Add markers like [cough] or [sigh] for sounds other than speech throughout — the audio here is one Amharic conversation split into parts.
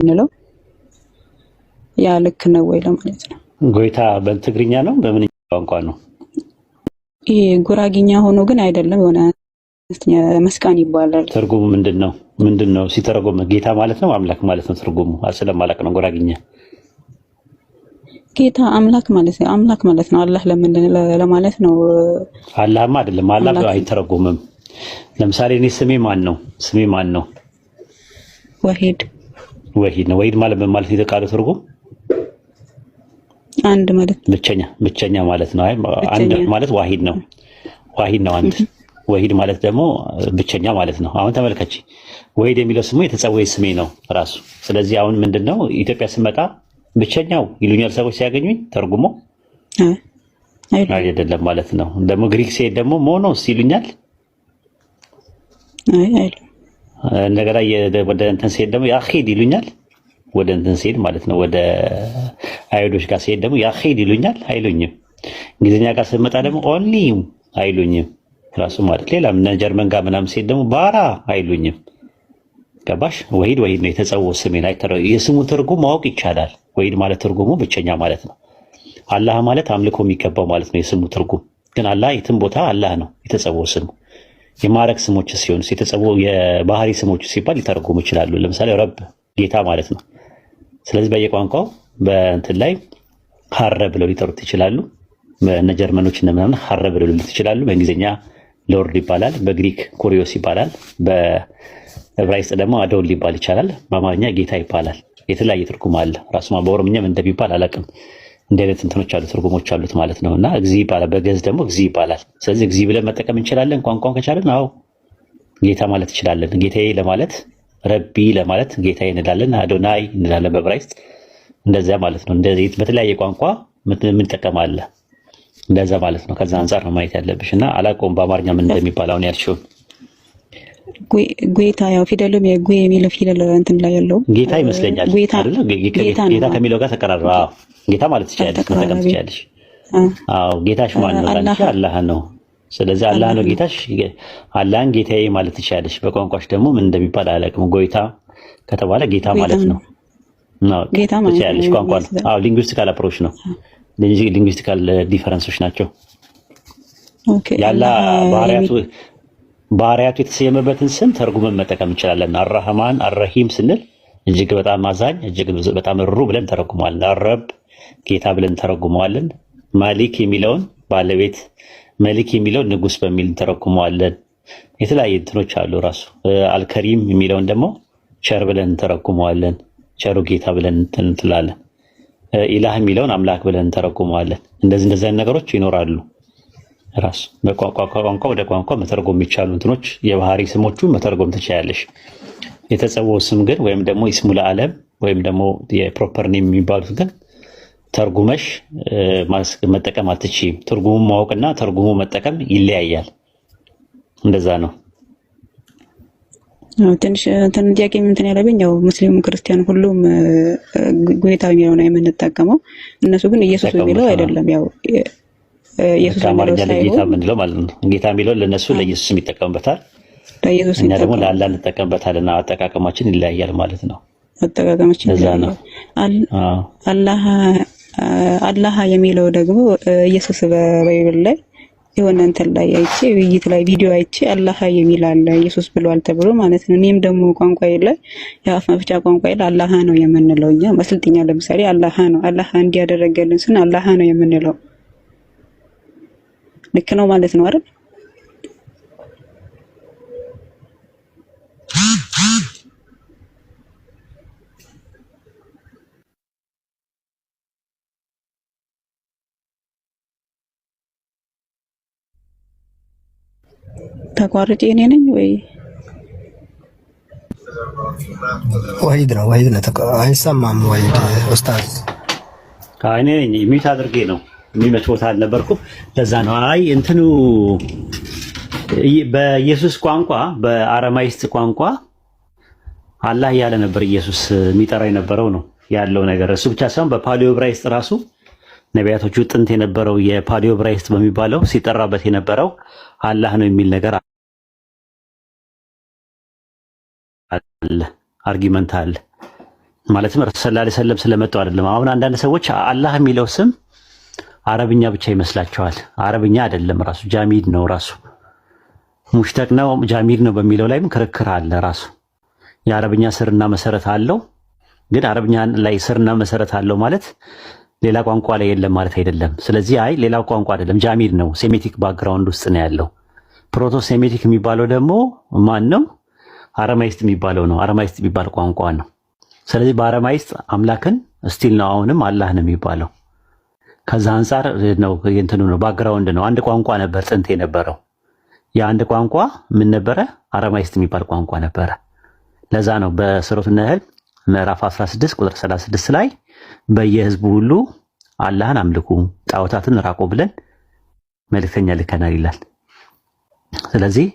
የምንለው ያ ልክ ነው ወይ ለማለት ነው። ጎይታ በትግርኛ ነው በምን ቋንቋ ነው? ይሄ ጉራጊኛ ሆኖ ግን አይደለም። የሆነ መስቃን ይባላል። ትርጉሙ ምንድን ነው? ምንድን ነው ሲተረጎመ? ጌታ ማለት ነው አምላክ ማለት ነው ትርጉሙ? ስለማላቅ ነው ጉራጊኛ። ጌታ አምላክ ማለት ነው። አምላክ ማለት ነው አላህ ለምን ለማለት ነው። አላህም አይደለም። አላህ አይተረጎምም። ለምሳሌ እኔ ስሜ ማን ነው? ስሜ ማን ነው? ወሂድ ወሂድ ነው። ወሒድ ማለት ምን ማለት ነው? ትርጉም አንድ ማለት ብቸኛ ብቸኛ ማለት ነው። አንድ ማለት ዋሂድ ነው። ዋሂድ ነው አንድ። [laughs] ወሂድ ማለት ደግሞ ብቸኛ ማለት ነው። አሁን ተመልከች፣ ወሂድ የሚለው ስሙ የተጸወይ ስሜ ነው ራሱ። ስለዚህ አሁን ምንድነው ኢትዮጵያ ስመጣ ብቸኛው ይሉኛል ሰዎች ሲያገኙኝ፣ ተርጉሞ አይደለም ማለት ነው። ደግሞ ግሪክ ሲሄድ ደግሞ ሞኖስ ይሉኛል። አይ እንደገና ወደ እንትን ሲሄድ ደግሞ ያኺድ ይሉኛል። ወደ እንትን ሲሄድ ማለት ነው ወደ አይሁዶች ጋር ሲሄድ ደግሞ ያኺድ ይሉኛል፣ አይሉኝም። እንግሊዝኛ ጋር ስመጣ ደግሞ ኦንሊ አይሉኝም ራሱ ማለት ምን ጀርመን ጋር ምናምን ሲሄድ ደግሞ ባራ አይሉኝም። ገባሽ? ወሂድ ወሂድ ነው የተጸውዖ ስሜን አይተረ የስሙ ትርጉም ማወቅ ይቻላል። ወሂድ ማለት ትርጉሙ ብቸኛ ማለት ነው። አላህ ማለት አምልኮ የሚገባው ማለት ነው የስሙ ትርጉም። ግን አላህ የትም ቦታ አላህ ነው የተጸወ ስሙ የማረግ ስሞች ሲሆን የተጸቡ የባህሪ ስሞች ሲባል ሊተርጉሙ ይችላሉ። ለምሳሌ ረብ ጌታ ማለት ነው። ስለዚህ በየቋንቋው በእንትን ላይ ሀረ ብለው ሊጠሩት ይችላሉ። እነ ጀርመኖች ምናምን ሀረ ብለው ሊሉት ይችላሉ። በእንግሊዝኛ ሎርድ ይባላል። በግሪክ ኩሪዮስ ይባላል። በዕብራይስጥ ደግሞ አዶል ሊባል ይቻላል። በአማርኛ ጌታ ይባላል። የተለያየ ትርጉም አለ። ራሱ በኦሮምኛም እንደሚባል አላውቅም። እንዲህ አይነት እንትኖች አሉ፣ ትርጉሞች አሉት ማለት ነው። እና እግዚ ይባላል፣ በገዝ ደግሞ እግዚ ይባላል። ስለዚህ እግዚ ብለን መጠቀም እንችላለን፣ ቋንቋን ከቻለን። አዎ ጌታ ማለት እንችላለን። ጌታዬ ለማለት ረቢ ለማለት ጌታዬ እንላለን፣ አዶናይ እንላለን በዕብራይስጥ እንደዚያ ማለት ነው። እንደዚህ በተለያየ ቋንቋ ምንጠቀማለ እንደዛ ማለት ነው። ከዛ አንጻር ነው ማየት ያለብሽ እና አላውቀውም በአማርኛ ምን እንደሚባል አሁን ያልሽውም ጌታ ያው ፊደሉም የጉ የሚለው ፊደል እንትን ላይ ያለው ጌታ ይመስለኛል። ጌታ አይደለ? ጌታ ከሚለው ጋር ተቀራርበ ጌታ ማለት ትችያለሽ፣ መጠቀም ትችያለሽ። አዎ ጌታሽ ማን ነው? አላህ ነው። ስለዚህ አላህ ነው ጌታሽ። አላህን ጌታዬ ማለት ትችያለሽ። በቋንቋሽ ደግሞ ምን እንደሚባል አላውቅም። ጎይታ ከተባለ ጌታ ማለት ነው። ጌታ ማለት ትችያለሽ። ቋንቋ ነው። አዎ ሊንግዊስቲካል አፕሮች ነው። ሊንግዊስቲካል ዲፈረንሶች ናቸው። ኦኬ ያላ ባህሪያቱ ባህሪያቱ የተሰየመበትን ስም ተርጉመን መጠቀም እንችላለን። አራህማን አረሂም ስንል እጅግ በጣም አዛኝ፣ እጅግ በጣም ሩ ብለን ተረጉመዋለን። አረብ ጌታ ብለን ተረጉመዋለን። ማሊክ የሚለውን ባለቤት፣ መሊክ የሚለውን ንጉስ በሚል ተረጉመዋለን። የተለያየ እንትኖች አሉ። ራሱ አልከሪም የሚለውን ደግሞ ቸር ብለን እንተረጉመዋለን። ቸሩ ጌታ ብለን እንትላለን። ኢላህ የሚለውን አምላክ ብለን ተረጉመዋለን። እንደዚህ እንደዚህ ነገሮች ይኖራሉ። ራሱ በቋንቋ ከቋንቋ ወደ ቋንቋ መተርጎም የሚቻሉ እንትኖች የባህሪ ስሞቹ መተርጎም ትችላለሽ። የተጸወው ስም ግን ወይም ደግሞ ስሙ ለዓለም ወይም ደግሞ የፕሮፐር ኔም የሚባሉት ግን ተርጉመሽ መጠቀም አትችይም። ትርጉሙ ማወቅና ተርጉሙ መጠቀም ይለያያል። እንደዛ ነው። ትንሽ እንትን ጥያቄ እንትን ያለብኝ ያው ሙስሊም ክርስቲያን ሁሉም ጌታ የሚለውን የምንጠቀመው እነሱ ግን ኢየሱስ የሚለው አይደለም ያው አማርኛ ለጌታ ምንለው ማለት ነው። ጌታ የሚለውን ለእነሱ ለኢየሱስም ይጠቀምበታል፣ እኛ ደግሞ ለአላህ እንጠቀምበታለን። አጠቃቀማችን ይለያያል ማለት ነው። አጠቃቀማችን ለዛ ነው አላህ የሚለው ደግሞ ኢየሱስ በባይብል ላይ የሆነ እንትን ላይ አይቼ ውይይት ላይ ቪዲዮ አይቼ አላህ የሚል አለ ኢየሱስ ብሏል ተብሎ ማለት ነው። እኔም ደግሞ ቋንቋ ላይ የአፍ መፍጫ ቋንቋ ላይ አላህ ነው የምንለው እኛ መስልጥኛ፣ ለምሳሌ አላህ ነው አላህ እንዲያደረገልን ስን አላህ ነው የምንለው ልክ ነው ማለት ነው አይደል? ተቋርጬ እኔ ነኝ ወይ? ወሂድ ነው። ወሂድ ነው። አይሰማም። ወሂድ ኡስታዝ እኔ ሚት አድርጌ ነው የሚመች ቦታ አልነበርኩም። ለዛ ነው አይ እንትኑ በኢየሱስ ቋንቋ በአረማይስት ቋንቋ አላህ ያለ ነበር ኢየሱስ የሚጠራ የነበረው ነው ያለው ነገር። እሱ ብቻ ሳይሆን በፓሊዮ ዕብራይስጥ ራሱ ነቢያቶቹ ጥንት የነበረው የፓሊዮ ዕብራይስጥ በሚባለው ሲጠራበት የነበረው አላህ ነው የሚል ነገር አለ፣ አርጊመንት አለ። ማለትም ረሱል ሰለላሁ ዐለይሂ ወሰለም ስለመጡ አይደለም። አሁን አንዳንድ ሰዎች አላህ የሚለው ስም አረብኛ ብቻ ይመስላቸዋል። አረብኛ አይደለም ራሱ ጃሚድ ነው ራሱ ሙሽተቅ ነው ጃሚድ ነው በሚለው ላይም ክርክር አለ። ራሱ የአረብኛ ስርና መሰረት አለው። ግን አረብኛ ላይ ስርና መሰረት አለው ማለት ሌላ ቋንቋ ላይ የለም ማለት አይደለም። ስለዚህ አይ ሌላ ቋንቋ አይደለም ጃሚድ ነው፣ ሴሜቲክ ባክግራውንድ ውስጥ ነው ያለው። ፕሮቶ ሴሜቲክ የሚባለው ደግሞ ማን ነው? አረማይስጥ የሚባለው ነው። አረማይስጥ የሚባል ቋንቋ ነው። ስለዚህ በአረማይስጥ አምላክን ስቲል ነው አሁንም አላህ ነው የሚባለው። ከዛ አንጻር ነው እንትኑ ነው ባግራውንድ ነው። አንድ ቋንቋ ነበር ጥንት የነበረው። የአንድ ቋንቋ ምን ነበረ? አረማይስጥ የሚባል ቋንቋ ነበረ። ለዛ ነው በሱረቱ ነህል ምዕራፍ 16 ቁጥር 36 ላይ በየህዝቡ ሁሉ አላህን አምልኩ ጣዖታትን ራቆ ብለን መልእክተኛ ልከናል ይላል። ስለዚህ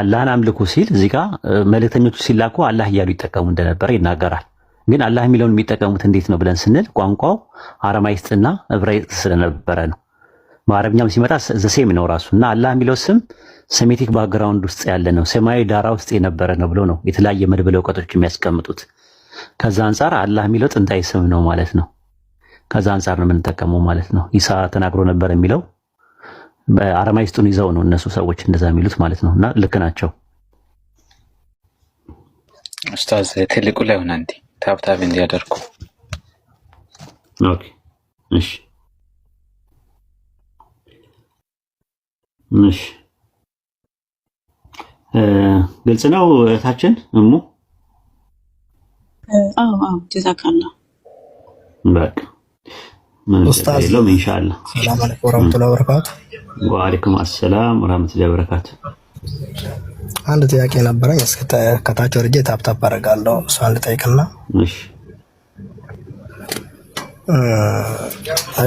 አላህን አምልኩ ሲል እዚህ ጋር መልእክተኞቹ ሲላኩ አላህ እያሉ ይጠቀሙ እንደነበረ ይናገራል። ግን አላህ የሚለውን የሚጠቀሙት እንዴት ነው ብለን ስንል ቋንቋው አረማይስጥና ዕብራይስጥ ስለነበረ ነው። በአረብኛም ሲመጣ ዘሴም ነው ራሱ እና አላህ የሚለው ስም ሴሜቲክ ባክግራውንድ ውስጥ ያለ ነው፣ ሰማያዊ ዳራ ውስጥ የነበረ ነው ብሎ ነው የተለያየ መድብለ እውቀቶች የሚያስቀምጡት። ከዛ አንጻር አላህ የሚለው ጥንታዊ ስም ነው ማለት ነው። ከዛ አንጻር ነው የምንጠቀመው ማለት ነው። ኢሳ ተናግሮ ነበር የሚለው በአረማይስጡን ይዘው ነው እነሱ ሰዎች እንደዛ የሚሉት ማለት ነው። እና ልክ ናቸው ኡስታዝ ትልቁ ላይ ሆነ ታብታብ እንዲያደርጉ። ኦኬ እሺ እሺ፣ ግልጽ ነው እህታችን እሙ። አዎ አዎ፣ ጀዛካላ በቃ ኡስታዝ ሰላም አለይኩም ወራህመቱላሂ ወበረካቱ። ወአለይኩም አሰላም ወራህመቱላሂ ወበረካቱ። አንድ ጥያቄ ነበረኝ። እስከ ከታች ወርጄ ታፕታፕ አደርጋለሁ። እሱ አንድ ጠይቅና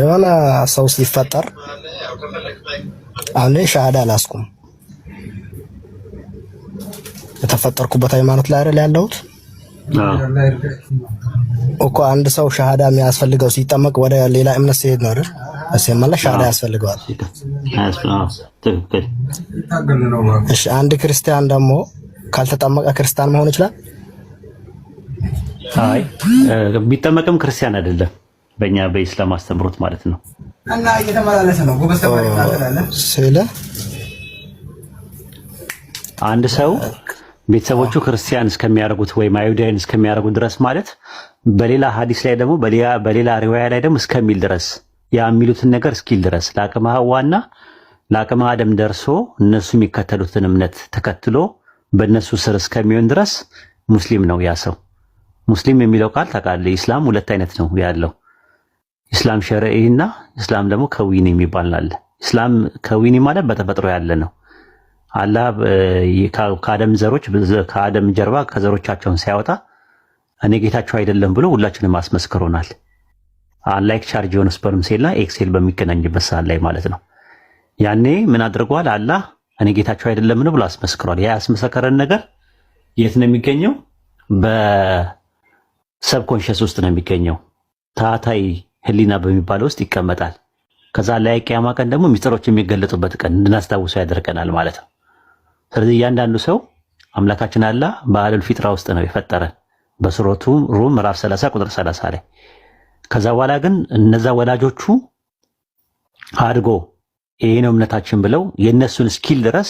የሆነ ሰው ሲፈጠር አሁን ሻሃዳ አላስኩም የተፈጠርኩበት ሃይማኖት ላይ አይደል ያለሁት እኮ አንድ ሰው ሻሃዳ የሚያስፈልገው ሲጠመቅ ወደ ሌላ እምነት ሲሄድ ነው አይደል? እሴመላ ሻዳ ያስፈልገዋል። እሺ አንድ ክርስቲያን ደግሞ ካልተጠመቀ ክርስቲያን መሆን ይችላል? አይ ቢጠመቅም ክርስቲያን አይደለም፣ በእኛ በኢስላም አስተምሮት ማለት ነው። እና እየተመላለሰ ነው ጎበዝ ስለ አንድ ሰው ቤተሰቦቹ ክርስቲያን እስከሚያደርጉት ወይም አይሁዳይን እስከሚያደርጉት ድረስ ማለት በሌላ ሀዲስ ላይ ደግሞ በሌላ ሪዋያ ላይ ደግሞ እስከሚል ድረስ ያ የሚሉትን ነገር እስኪል ድረስ ለአቅመ ሐዋና ለአቅመ አደም ደርሶ እነሱ የሚከተሉትን እምነት ተከትሎ በእነሱ ስር እስከሚሆን ድረስ ሙስሊም ነው። ያ ሰው ሙስሊም የሚለው ቃል ታውቃለህ፣ ኢስላም ሁለት አይነት ነው ያለው ኢስላም ሸርዒ እና ኢስላም ደግሞ ከዊኒ የሚባል አለ። ኢስላም ከዊኒ ማለት በተፈጥሮ ያለ ነው። አላህ ከአደም ዘሮች ከአደም ጀርባ ከዘሮቻቸውን ሲያወጣ እኔ ጌታቸው አይደለም ብሎ ሁላችንም አስመስክሮናል። ላይክ ቻርጅ የሆነ ስፐርም ሴል እና ኤክሴል በሚገናኝበት ሰዓት ላይ ማለት ነው። ያኔ ምን አድርጓል? አላህ እኔ ጌታቸው አይደለምን ብሎ አስመስክሯል። ያ ያስመሰከረን ነገር የት ነው የሚገኘው? በሰብኮንሽስ ውስጥ ነው የሚገኘው። ታታይ ህሊና በሚባለው ውስጥ ይቀመጣል። ከዛ ላይ ቅያማ ቀን ደግሞ ሚስጥሮች የሚገለጡበት ቀን እንድናስታውሰው ያደርገናል ማለት ነው። ስለዚህ እያንዳንዱ ሰው አምላካችን አላህ በአለል ፊጥራ ውስጥ ነው የፈጠረን በሱረቱ ሩም ምዕራፍ 30 ቁጥር 30 ላይ ከዛ በኋላ ግን እነዛ ወላጆቹ አድጎ ይሄ ነው እምነታችን ብለው የእነሱን ስኪል ድረስ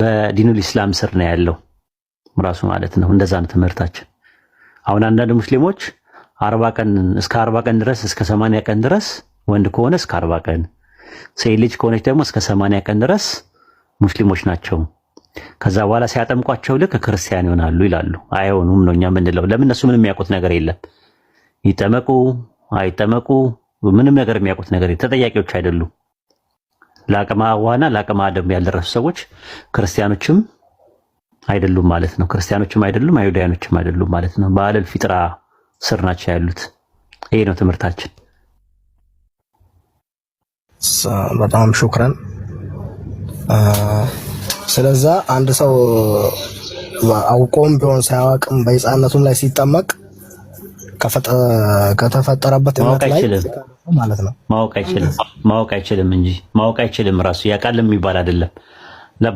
በዲኑል ኢስላም ስር ነው ያለው ራሱ ማለት ነው። እንደዛ ነው ትምህርታችን። አሁን አንዳንድ ሙስሊሞች አርባ ቀን እስከ አርባ ቀን ድረስ እስከ ሰማንያ ቀን ድረስ ወንድ ከሆነ እስከ አርባ ቀን ሴት ልጅ ከሆነች ደግሞ እስከ ሰማንያ ቀን ድረስ ሙስሊሞች ናቸው። ከዛ በኋላ ሲያጠምቋቸው ልክ ክርስቲያን ይሆናሉ ይላሉ። አይሆኑም ነው እኛ የምንለው። ለምን እነሱ ምንም የሚያውቁት ነገር የለም። ይጠመቁ አይጠመቁ ምንም ነገር የሚያውቁት ነገር ተጠያቂዎች አይደሉም። ለአቅመ ሔዋንና ለአቅመ አዳም ያልደረሱ ሰዎች ክርስቲያኖችም አይደሉም ማለት ነው። ክርስቲያኖችም አይደሉም፣ አይሁዳውያኖችም አይደሉም ማለት ነው። በአለል ፊጥራ ስር ናቸው ያሉት። ይሄ ነው ትምህርታችን። በጣም ሹክረን። ስለዛ አንድ ሰው አውቆም ቢሆን ሳያውቅም በህፃነቱም ላይ ሲጠመቅ ከተፈጠረበት እምነት ላይ ማለት ነው። ማወቅ አይችልም ማወቅ አይችልም እንጂ ማወቅ አይችልም ራሱ ያውቃል የሚባል አይደለም።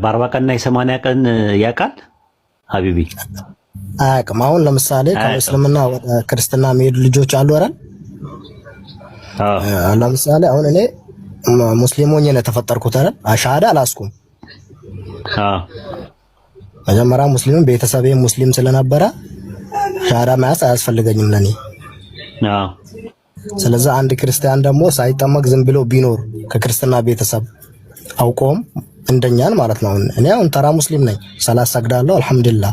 በአርባ ቀንና የሰማንያ ቀን ያውቃል ሀቢቢ አያውቅም። አሁን ለምሳሌ ከእስልምና ወደ ክርስትና የሚሄዱ ልጆች አሉ አይደል? ለምሳሌ አሁን እኔ ሙስሊም ሆኜ ነው የተፈጠርኩት ረን ሻሃዳ አላስኩም። መጀመሪያ ሙስሊም ቤተሰቤ ሙስሊም ስለነበረ ሻራ መያዝ አያስፈልገኝም ለኔ። ስለዚህ አንድ ክርስቲያን ደግሞ ሳይጠመቅ ዝም ብሎ ቢኖር ከክርስትና ቤተሰብ አውቆም እንደኛን ማለት ነው። እኔ አሁን ተራ ሙስሊም ነኝ፣ ሰላት ሰግዳለሁ፣ አልሐምዱሊላህ።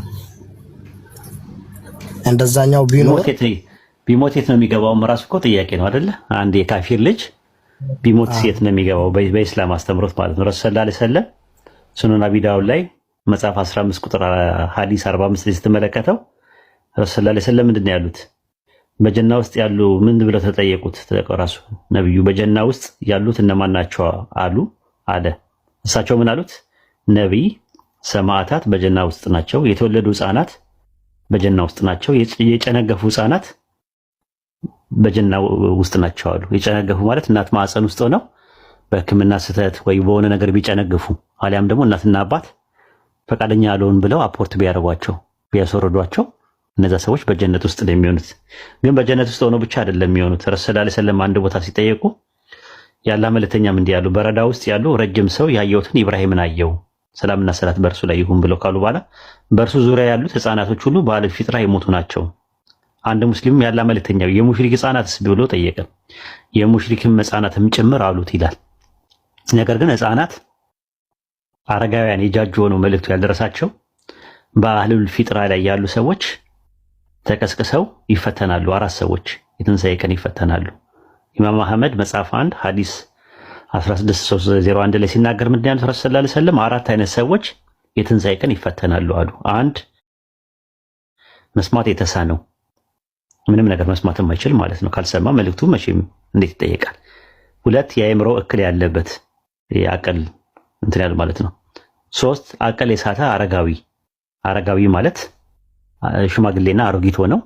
እንደዛኛው ቢኖር ቢሞት የት ነው የሚገባው? ራሱ እኮ ጥያቄ ነው አይደለ? አንድ የካፊር ልጅ ቢሞት የት ነው የሚገባው? በኢስላም አስተምሮት ማለት ነው። ረሱ ስላ ሰለም ሱኑን ላይ መጽሐፍ 15 ቁጥር ሀዲስ 45 ስትመለከተው ረሱ ላ ስለም ምንድን ነው ያሉት? በጀና ውስጥ ያሉ ምን ብለው ተጠየቁት። ራሱ ነቢዩ በጀና ውስጥ ያሉት እነማን ናቸው አሉ አለ። እሳቸው ምን አሉት? ነቢይ፣ ሰማዕታት በጀና ውስጥ ናቸው፣ የተወለዱ ህጻናት በጀና ውስጥ ናቸው፣ የጨነገፉ ህጻናት በጀና ውስጥ ናቸው አሉ። የጨነገፉ ማለት እናት ማዕፀን ውስጥ ሆነው በህክምና ስህተት ወይ በሆነ ነገር ቢጨነግፉ አሊያም ደግሞ እናትና አባት ፈቃደኛ ያለውን ብለው አፖርት ቢያደርጓቸው ቢያስወረዷቸው እነዛ ሰዎች በጀነት ውስጥ ነው የሚሆኑት። ግን በጀነት ውስጥ ሆኖ ብቻ አይደለም የሚሆኑት። ረሱል ሰለላሁ አንድ ቦታ ሲጠየቁ ያላ መልእክተኛም እንዲህ ያሉ፣ በረዳ ውስጥ ያሉ ረጅም ሰው ያየሁትን ኢብራሂምን አየው ሰላምና ሰላት በእርሱ ላይ ይሁን ብለው ካሉ በኋላ በእርሱ ዙሪያ ያሉት ህፃናቶች ሁሉ በአል ፊጥራ የሞቱ ናቸው። አንድ ሙስሊም ያላ መልእክተኛ የሙሽሪክ ህፃናትስ ብሎ ጠየቀ። የሙሽሪክም ህፃናትም ጭምር አሉት ይላል። ነገር ግን ህፃናት፣ አረጋውያን የጃጅ ሆነው መልእክቱ ያልደረሳቸው በአህሉል ፊጥራ ላይ ያሉ ሰዎች ተቀስቅሰው ይፈተናሉ። አራት ሰዎች የትንሣኤ ቀን ይፈተናሉ። ኢማም አህመድ መጽሐፍ አንድ ሐዲስ 16301 ላይ ሲናገር ምንድን ያሉት ረሱል ሰለላሁ አራት አይነት ሰዎች የትንሣኤ ቀን ይፈተናሉ አሉ። አንድ መስማት የተሳነው ምንም ነገር መስማት የማይችል ማለት ነው። ካልሰማ መልእክቱ መቼም እንዴት ይጠየቃል? ሁለት የአእምሮ እክል ያለበት አቀል እንትን ያሉ ማለት ነው። ሶስት አቀል የሳተ አረጋዊ አረጋዊ ማለት ሽማግሌና አሮጊት ሆነው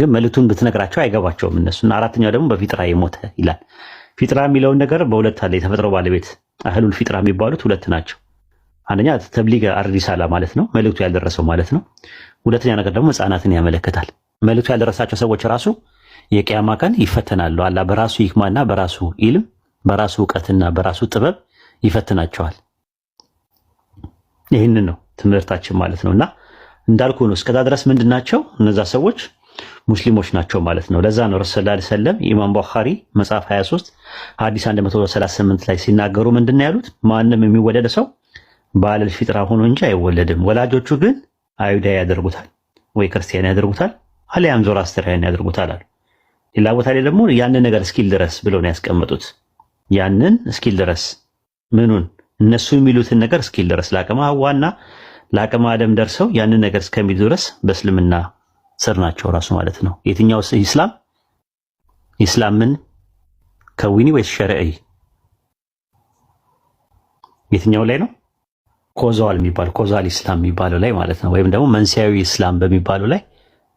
ግን መልእክቱን ብትነግራቸው አይገባቸውም እነሱና አራተኛው ደግሞ በፊጥራ የሞተ ይላል። ፊጥራ የሚለውን ነገር በሁለት አለ። የተፈጥሮ ባለቤት አህሉል ፊጥራ የሚባሉት ሁለት ናቸው። አንደኛ ተብሊግ አርሪሳላ ማለት ነው፣ መልእክቱ ያልደረሰው ማለት ነው። ሁለተኛ ነገር ደግሞ ህፃናትን ያመለከታል። መልእክቱ ያልደረሳቸው ሰዎች ራሱ የቅያማ ቀን ይፈተናሉ። አላ በራሱ ይክማና በራሱ ኢልም በራሱ እውቀትና በራሱ ጥበብ ይፈትናቸዋል። ይህንን ነው ትምህርታችን ማለት ነውና እንዳልኩ ነው። እስከዛ ድረስ ምንድን ናቸው እነዛ ሰዎች? ሙስሊሞች ናቸው ማለት ነው። ለዛ ነው ረሱ ላ ሰለም ኢማም ቡኻሪ መጽሐፍ 23 ሐዲስ 138 ላይ ሲናገሩ ምንድን ያሉት? ማንም የሚወለድ ሰው በአለል ፊጥራ ሆኖ እንጂ አይወለድም። ወላጆቹ ግን አይሁዳ ያደርጉታል ወይ ክርስቲያን ያደርጉታል አሊያም ዞር አስተራያን ያደርጉታል አሉ። ሌላ ቦታ ላይ ደግሞ ያንን ነገር እስኪል ድረስ ብለው ነው ያስቀመጡት። ያንን እስኪል ድረስ ምኑን እነሱ የሚሉትን ነገር እስኪል ድረስ ለአቅመ ሐዋና ለአቅመ አደም ደርሰው ያንን ነገር እስከሚል ድረስ በእስልምና ስር ናቸው ራሱ ማለት ነው። የትኛው ኢስላም ኢስላምን ከዊኒ ወይስ ሸርዒ የትኛው ላይ ነው? ኮዛል የሚባል ኮዛል ኢስላም የሚባለው ላይ ማለት ነው። ወይም ደግሞ መንስያዊ ኢስላም በሚባለው ላይ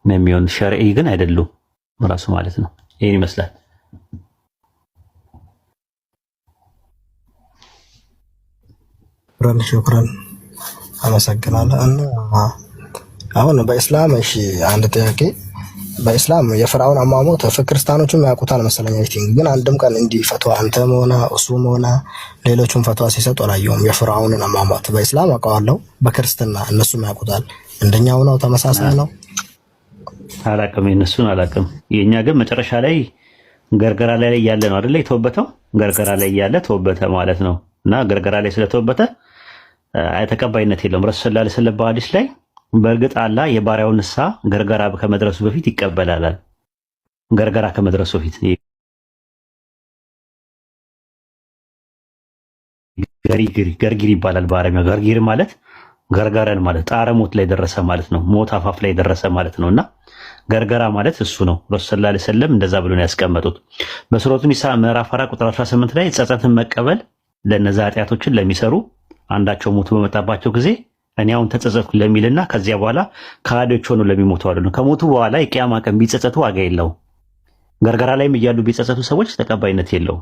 ነው የሚሆን። ሸርዒ ግን አይደሉም ራሱ ማለት ነው። ይህን ይመስላል። ሹክራን አመሰግናለሁ። እና አሁን በእስላም እሺ፣ አንድ ጥያቄ በእስላም የፈርዖን አሟሟት ክርስቲያኖችም ያውቁታል መሰለኝ። ቲንግ ግን አንድም ቀን እንዲህ ፈትዋ አንተም ሆነ እሱም ሆነ ሌሎችም ፈትዋ ሲሰጡ አላየሁም። የፈርዖንን አሟሟት በእስላም አውቀዋለሁ፣ በክርስትና እነሱም ያውቁታል። እንደኛው ነው፣ ተመሳሳይ ነው። አላቅም፣ የእነሱን አላቅም። የእኛ ግን መጨረሻ ላይ ገርገራ ላይ ያለ ነው አደለ? የተወበተው ገርገራ ላይ ያለ ተወበተ ማለት ነው እና ገርገራ ላይ ስለተወበተ ተቀባይነት የለውም። ረሱ ስላ ስለም በሐዲስ ላይ በእርግጥ አላህ የባሪያው ንሳ ገርገራ ከመድረሱ በፊት ይቀበላላል። ገርገራ ከመድረሱ በፊት ገሪግሪ ገርጊር ይባላል። በአረሚያ ገርጊር ማለት ገርገረን ማለት ጣረ ሞት ላይ ደረሰ ማለት ነው። ሞት አፋፍ ላይ ደረሰ ማለት ነው። እና ገርገራ ማለት እሱ ነው። ረሱ ስላ ስለም እንደዛ ብሎ ነው ያስቀመጡት። በሱረቱ ኒሳ ምዕራፍ 4 ቁጥር 18 ላይ ጸጸትን መቀበል ለነዛ ኃጢአቶችን ለሚሰሩ አንዳቸው ሞቱ በመጣባቸው ጊዜ እኔ አሁን ተጸጸትኩ ለሚልና ከዚያ በኋላ ከሃዲዎች ሆኑ ለሚሞቱ ነው። ከሞቱ በኋላ የቅያማ ቀን ቢጸጸቱ ዋጋ የለው። ገርገራ ላይም እያሉ ቢጸጸቱ ሰዎች ተቀባይነት የለው።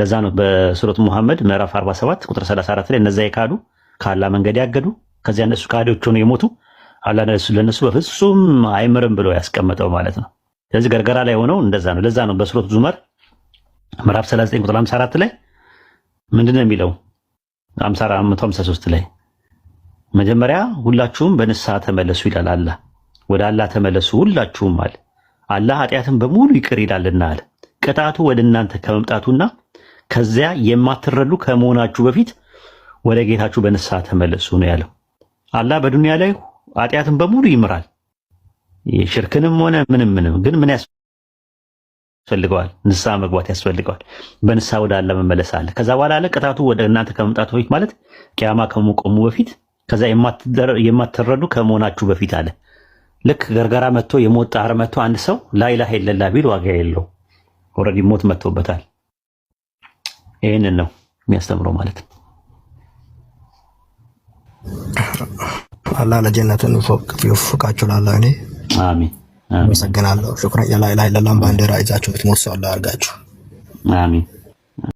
ለዛ ነው በሱረት ሙሐመድ ምዕራፍ 47 ቁጥር 34 ላይ እነዛ የካዱ ከአላ መንገድ ያገዱ ከዚያ እነሱ ከሃዲዎች ሆኑ የሞቱ አላ ለእነሱ በፍጹም አይምርም ብሎ ያስቀመጠው ማለት ነው። ስለዚህ ገርገራ ላይ ሆነው እንደዛ ነው። ለዛ ነው በሱረት ዙመር ምዕራፍ 39 ቁጥር 54 ላይ ምንድን ነው የሚለው 53 ላይ መጀመሪያ ሁላችሁም በንስሐ ተመለሱ ይላል አላህ። ወደ አላህ ተመለሱ ሁላችሁም አለ። አላህ ኃጢአትን በሙሉ ይቅር ይላልና አለ። ቅጣቱ ወደ እናንተ ከመምጣቱና ከዚያ የማትረሉ ከመሆናችሁ በፊት ወደ ጌታችሁ በንስሐ ተመለሱ ነው ያለው። አላህ በዱንያ ላይ ኃጢአትን በሙሉ ይምራል፣ ሽርክንም ሆነ ምንም ምንም። ግን ምን ያስፈልገዋል ንስሐ መግባት ያስፈልገዋል። በንስሐ ወደ አለ መመለስ አለ። ከዛ በኋላ አለ ቅጣቱ ወደ እናንተ ከመምጣቱ በፊት ማለት ቅያማ ከመቆሙ በፊት ከዛ የማትረዱ ከመሆናችሁ በፊት አለ። ልክ ገርገራ መጥቶ የሞት ጣር መጥቶ አንድ ሰው ላይላህ የለላ ቢል ዋጋ የለው ኦልሬዲ ሞት መጥቶበታል። ይህንን ነው የሚያስተምረው ማለት ነው። አላህ ለጀነትን ፎቅ ይወፍቃችሁ ላላ እኔ አሚን አመሰግናለሁ። ሹክራን ላላ ባንዲራ ይዛችሁ ብትሞት ሰው አላ አርጋችሁ አሜን።